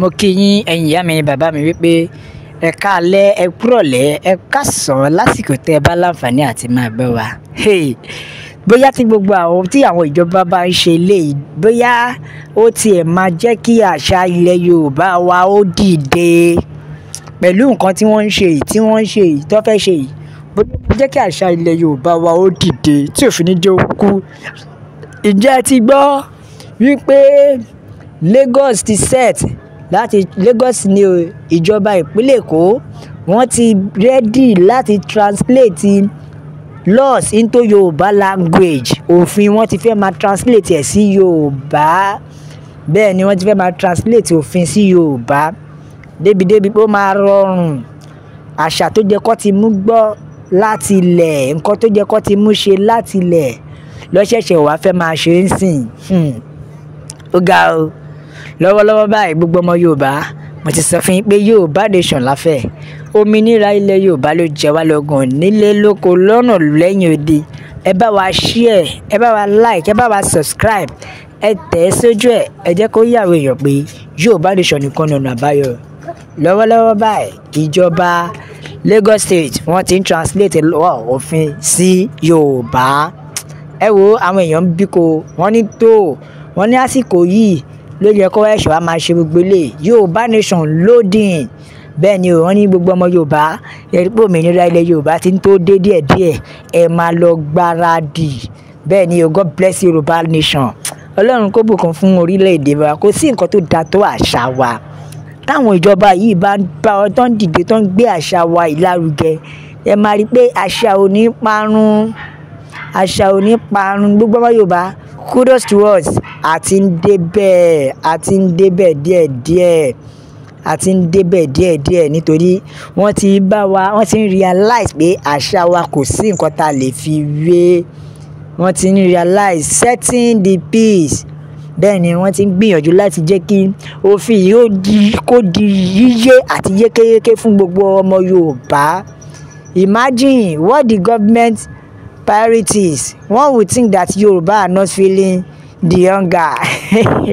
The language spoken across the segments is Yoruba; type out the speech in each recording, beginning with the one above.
mo kí yín ẹ̀yin ìyá mi bàbá mi wípé ẹ káalẹ́ ẹ kúrọ̀lẹ́ ẹ káàsán lásìkò tẹ́ ẹ bá láǹfààní àti máa gbọ́ wa. bóyá tí gbogbo àwọn tí àwọn ìjọba bá ń ṣe eléyìí bóyá ó tiẹ̀ máa jẹ́ kí àṣà ilẹ̀ Yorùbá wa ó dìde pẹ̀lú nǹkan tí wọ́n ń ṣe yìí tí wọ́n ń ṣe yìí tó fẹ́ ṣe yìí bóyá jẹ́ kí àṣà ilẹ̀ Yorùbá wa ó dìde tí òfin ní jẹ́ ó kú. ti gbọ́ wípé Lagos ti set láti Lagos ní o, ìjọba ìpínlẹ̀ Èkó wọ́n ti ready láti translate laws into Yoruba language. Òfin wọ́n ti fẹ́ máa translate ẹ̀ sí Yoruba. Bẹ́ẹ̀ ni wọ́n ti fẹ́ máa translate òfin sí Yoruba. Débi débi pé ó máa rọrùn. Àṣà tó jẹ́ kó ti mú gbọ́ láti ilẹ̀, nǹkan tó jẹ́ kó ti mú ṣe láti ilẹ̀ ló ṣẹ̀ṣẹ̀ fẹ́ máa ṣe ń sìn. Hmm. Ó ga o lọ́wọ́lọ́wọ́ báyìí gbogbo ọmọ yorùbá mo ti sọ fún yín pé yorùbá nation láfẹ́ òmìnira ilẹ̀ yorùbá ló jẹ wá lọ́gàn nílé lóko lọ́nà lẹ́yìn odi ẹ bá wa share ẹ bá wa like ẹ bá wa subscribe ẹ tẹ̀ ẹ́ sójú ẹ̀ ẹ jẹ́ kó yàwó èèyàn pé yorùbá nation nìkan nọ̀nà àbáyọ lọ́wọ́lọ́wọ́ báyìí ìjọba Lagos State wọ́n ti ń translate lọ́wọ́ òfin sí yorùbá ẹ wo àwọn èèyàn ń bíko wọ́n ní tó wọ́n ní àsìkò yìí ló yẹ kó ẹ̀ṣẹ̀ wa máa ṣe gbogbo ilé yorùbá nation loading bẹ́ẹ̀ ni òun ní gbogbo ọmọ yorùbá erékò òmìnira ilẹ̀ yorùbá ti ń tó dé díẹ̀díẹ̀ ẹ máa lọ gbáradì bẹ́ẹ̀ ni o god bless yorùbá nation ọlọ́run kó bùkún fún orílẹ̀-èdè wa kò sí nǹkan tó da tó àṣà wa táwọn ìjọba yìí bá ń bá ọ tó ń dìde tó ń gbé àṣà wa ìlárugẹ ẹ máa rí i pé àṣà ò parun àṣà ò parun gbogbo ọmọ yorùbá kudos to us a ti ń dé bẹ́ẹ̀, a ti ń dé bẹ̀ díẹ̀díẹ̀, a ti ń dé díẹ̀díẹ̀ nítorí wọ́n ti bá wa, wọ́n ti ń realize pé àṣà wa kò sí nǹkan ta lè fi wé. Wọ́n ti ń realize setting the peace. Bẹ́ẹ̀ ni wọ́n ti ń gbìyànjú láti jẹ́ kí òfin yìí di, kó di yíyé àti yékéyéké fún gbogbo ọmọ Yorùbá. Imagine what the government priorities. One would think that Yoruba are not feeling the young guy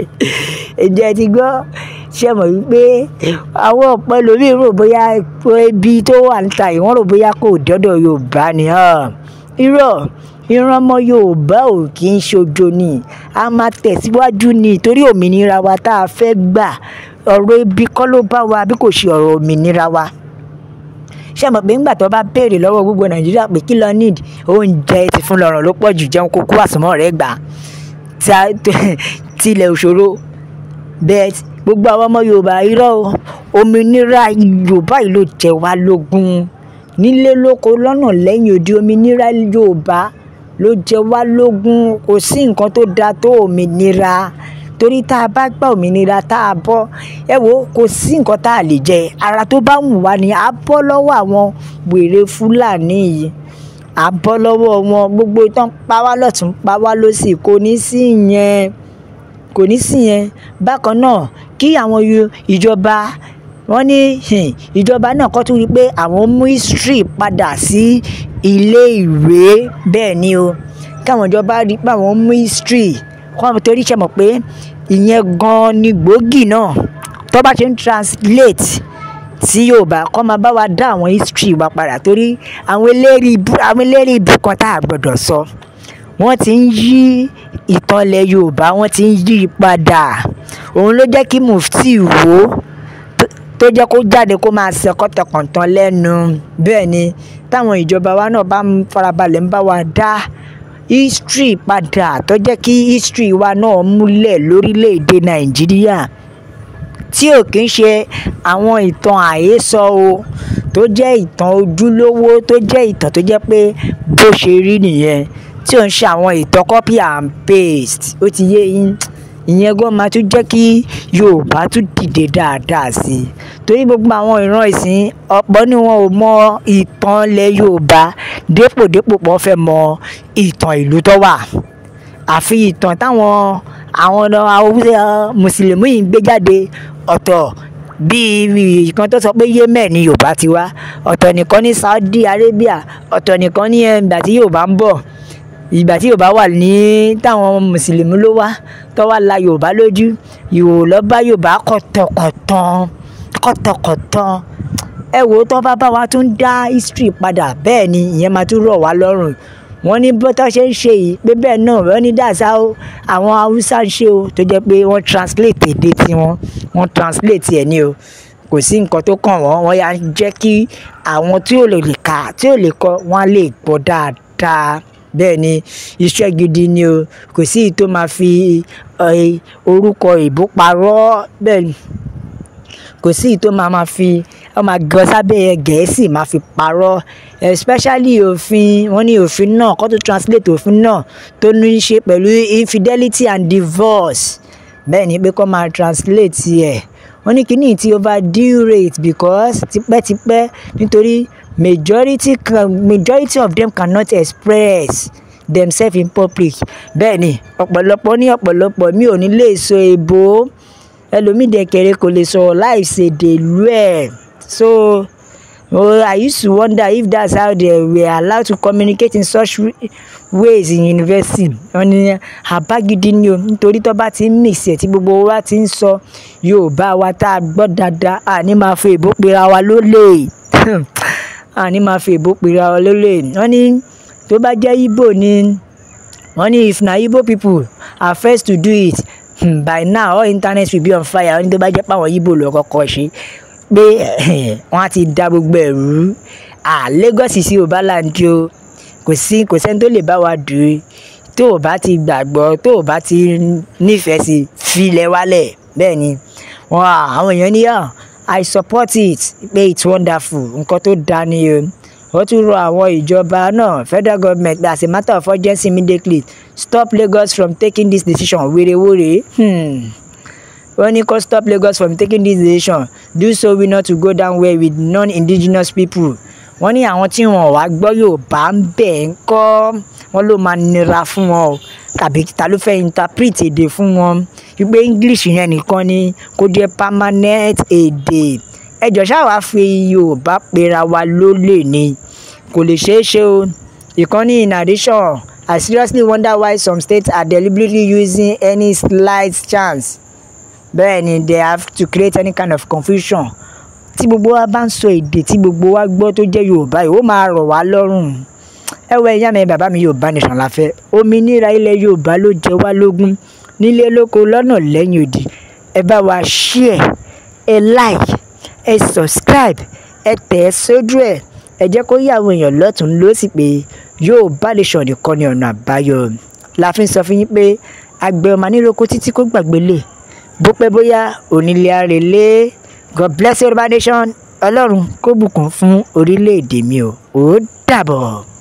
ǹjẹ́ ti gbọ́ ṣe mọ̀ wípé àwọn ọ̀pọ̀ lómi rò bóyá ibi tó wà níta yìí wọ́n rò bóyá kò dọ́dọ̀ Yorùbá ni irọ́ ìran ọmọ Yorùbá ò kì í ṣojo ni a máa tẹ̀síwájú ni torí òmìnira wa tá a fẹ́ gbà ọ̀rọ̀ ibi kọ́ ló bá wa bí kò ṣe ọ̀rọ̀ òmìnira wa ṣé mọ̀ pé ńgbà tó bá béèrè lọ́wọ́ gbogbo Nàìjíríà pé kí ló oúnjẹ ti fún lọ́rùn ló pọ̀ jù jẹun kókó àsomọ́ rẹ̀ gbà tilẹ̀ òṣòro bẹ́ẹ̀ gbogbo àwọn ọmọ yorùbá irọ́ o òmìnira yorùbá yìí ló jẹ wá lógún nílé lóko lọ́nà lẹ́yìn odi òmìnira yorùbá ló jẹ wá lógún kò sí nǹkan tó dáa tó òmìnira torí tá a bá gba òmìnira tá a bọ́ ẹ wo kò sí nǹkan tá a lè jẹ ara tó bá wù wá ni a bọ́ lọ́wọ́ àwọn wèrè fúlàní yìí à bọ́ lọ́wọ́ wọn gbogbo tán pa wá lọ́tún pa wá lọ́sì kò ní sí yẹn kò ní sí yẹn bákan náà kí àwọn ìjọba wọ́n ní hmm, ìjọba náà kọ́ tún rí i pé àwọn mú history padà sí ilé ìwé bẹ́ẹ̀ ni o káwọn ìjọba rí i pé àwọn mú history kọ́ àwọn torí ṣe mọ̀ pé ìyẹn gan-an ni gbòógì náà tó bá ṣe ń translate tí yóò bá kọ́ máa bá wa dá àwọn history wa padà torí àwọn eléré ibú àwọn eléré ibú kan tá a gbọ́dọ̀ sọ wọ́n ti ń yí ìtàn ilẹ̀ Yorùbá wọ́n ti ń yí i padà òun ló jẹ́ kí Mufti Ìwó tó jẹ́ kó jáde kó máa ṣe kọ́tọ̀kọ̀tàn lẹ́nu bẹ́ẹ̀ ni táwọn ìjọba wa náà bá ń farabalẹ̀ ń bá wa dá history padà tó jẹ́ kí history wa náà múlẹ̀ lórílẹ̀‐èdè Nàìjíríà tí ò kí ń ṣe àwọn ìtàn àhesọ o, tó jẹ́ ìtàn ojúlówó, tó jẹ́ ìtàn tó jẹ́ pé bó ṣe rí nìyẹn, tí ò ń ṣe àwọn ìtàn copy and paste. Ó ti yé yín. Ìyẹn gan máa tún jẹ́ kí Yorùbá tún dìde dáadáa sí i. Torí gbogbo àwọn ìran ìsìn, ọ̀pọ̀ nínú wọn ò mọ ìtàn ilẹ̀ Yorùbá dépòdépò pé wọ́n fẹ́ mọ ìtàn ìlú tó wà. Àfi ìtàn táwọn, àwọn Haúsá, Mùsùlùmí ń gbé jáde, ọ̀tọ̀ bíi kan tó sọ pé yemen ni yorùbá ti wá ọ̀tọ̀ nìkan ní saudi arabia ọ̀tọ̀ nìkan ní eh, ìgbà tí yorùbá ń bọ̀ ìgbà tí yorùbá wà ní táwọn mùsùlùmí ló wá tó wá la yorùbá lójú yòò lọ bá yorùbá kọ̀tọ̀kọ̀tàn kọ̀tọ̀kọ̀tàn ẹ wò ó tó bá bá wa tún dá history padà bẹ́ẹ̀ ni ìyẹn máa tún rọ̀ wá lọ́rùn wọ́n ní bọ́tọ́ ṣe ń ṣe yìí pé bẹ́ẹ̀ náà wọ́n ní dàsá o àwọn haúsá ń ṣe o tó jẹ́ pé wọ́n translate èdè tiwọn wọ́n translate ẹ̀ ní o kò sí nǹkan tó kàn wọ́n wọ́n yà jẹ́ kí àwọn tí ò lè kà tí ò lè kọ wọ́n á lè gbọ́ dáadáa bẹ́ẹ̀ ni iṣẹ́ gidi ni o kò sí èyí tó máa fi orúkọ ìbò parọ́ bẹ́ẹ̀ ni kò sí èyí tó máa fi ọmọ gọ́sábẹ́ gẹ̀ẹ́sì máa fi parọ́ especially òfin wọ́n ní òfin náà kó tó translate òfin náà tó ní í ṣe pẹ̀lú infidelity and divorce bẹ́ẹ̀ ni pé kó máa translate ẹ̀ wọ́n ní kíní ti overdue rate because tipẹ́tipẹ́ nítorí majority majority of them cannot express themselves in public bẹ́ẹ̀ ni ọ̀pọ̀lọpọ̀ ní ọ̀pọ̀lọpọ̀ mi ò ní lè sọ èbó ẹlòmídẹ̀kẹ̀rẹ̀ kò lè sọ̀rọ̀ láì ṣèdèlú ẹ̀ so. Well, I used to wonder if that's how they were allowed to communicate in such ways in university. Wọ́n ní àbágídí ni o, nítorí tó bá ti ń mix ẹ̀ tí gbogbo wa ti ń sọ Yorùbá wa tá a gbọ́ dáadáa, àní máa fi èbó pera wa lólè. Àní máa fi èbó pera wa lólè. Wọ́n ní tó bá jẹ́ Igbo ni, wọ́n ní if na Igbo people are first to do it, hmm, by now all internet will be on fire. Wọ́n ní tó bá jẹ́ pé Igbo ló kọ́kọ́ ṣe pé wọ́n á ti da gbogbo ẹ̀rú à Lagos sí ò bá láǹdí o kò sí kò sẹ́ni tó lè bá wa dùn tó o bá ti gbàgbọ́ tó o bá ti nífẹ̀ẹ́ sí filẹ̀ wálẹ̀ bẹ́ẹ̀ ni wọ́n àwọn èèyàn níyà ah, I support it pé it's wonderful nǹkan tó da ni o wọ́n tún rọ àwọn ìjọba náà federal government as a matter of urgency immediately stop Lagos from taking this decision wèrèwèrè. Hmm. Roniko stop Lagos from taking this decision, do so we not to go down where with non-indigenous people. Wọ́n ní àwọn tí wọn ò wá gbọ́ Yorùbá ń bẹ̀ ń kọ́ wọn ló máa nira fún wọn o tàbí ta ló fẹ́ interpret èdè fún wọn wípé English yẹn nìkan ni kò jẹ́ permanent èdè ẹjọ́ ṣáwa fi Yorùbá pera wa lólè ni kò lè ṣeé ṣe o ìkànnì in addition I seriously wonder why some states are deliberately using any slight chance bẹ́ẹ̀ ni they have to create any kind of confusion tí gbogbo wa bá ń sọ èdè tí gbogbo wa gbọ́ tó jẹ́ yorùbá yìí ó máa rọ̀ wá lọ́rùn ẹ wọ ẹyá mi bàbá mi yorùbá nation la fẹ́ òmìnira ilẹ̀ yorùbá ló jẹ wá lógún nílé lóko lọ́nà lẹ́yìn odi ẹ bá wa share ẹ like ẹ subscribe ẹ tẹ̀ ẹ sójú ẹ ẹ jẹ́ kó yí àwọn èèyàn lọ́tún lọ́sì pé yorùbá nation nìkan ni ọ̀nà àbáyọ la fi ń sọ fún yín pé àgbẹ̀ ọmọ aníroko títí kó gbàgbé bó pẹ́ bóyá onílé arèlé god bless yorùbá nation ọlọ́run kó bùkún fún orílẹ̀-èdè mi o ó dàbọ̀.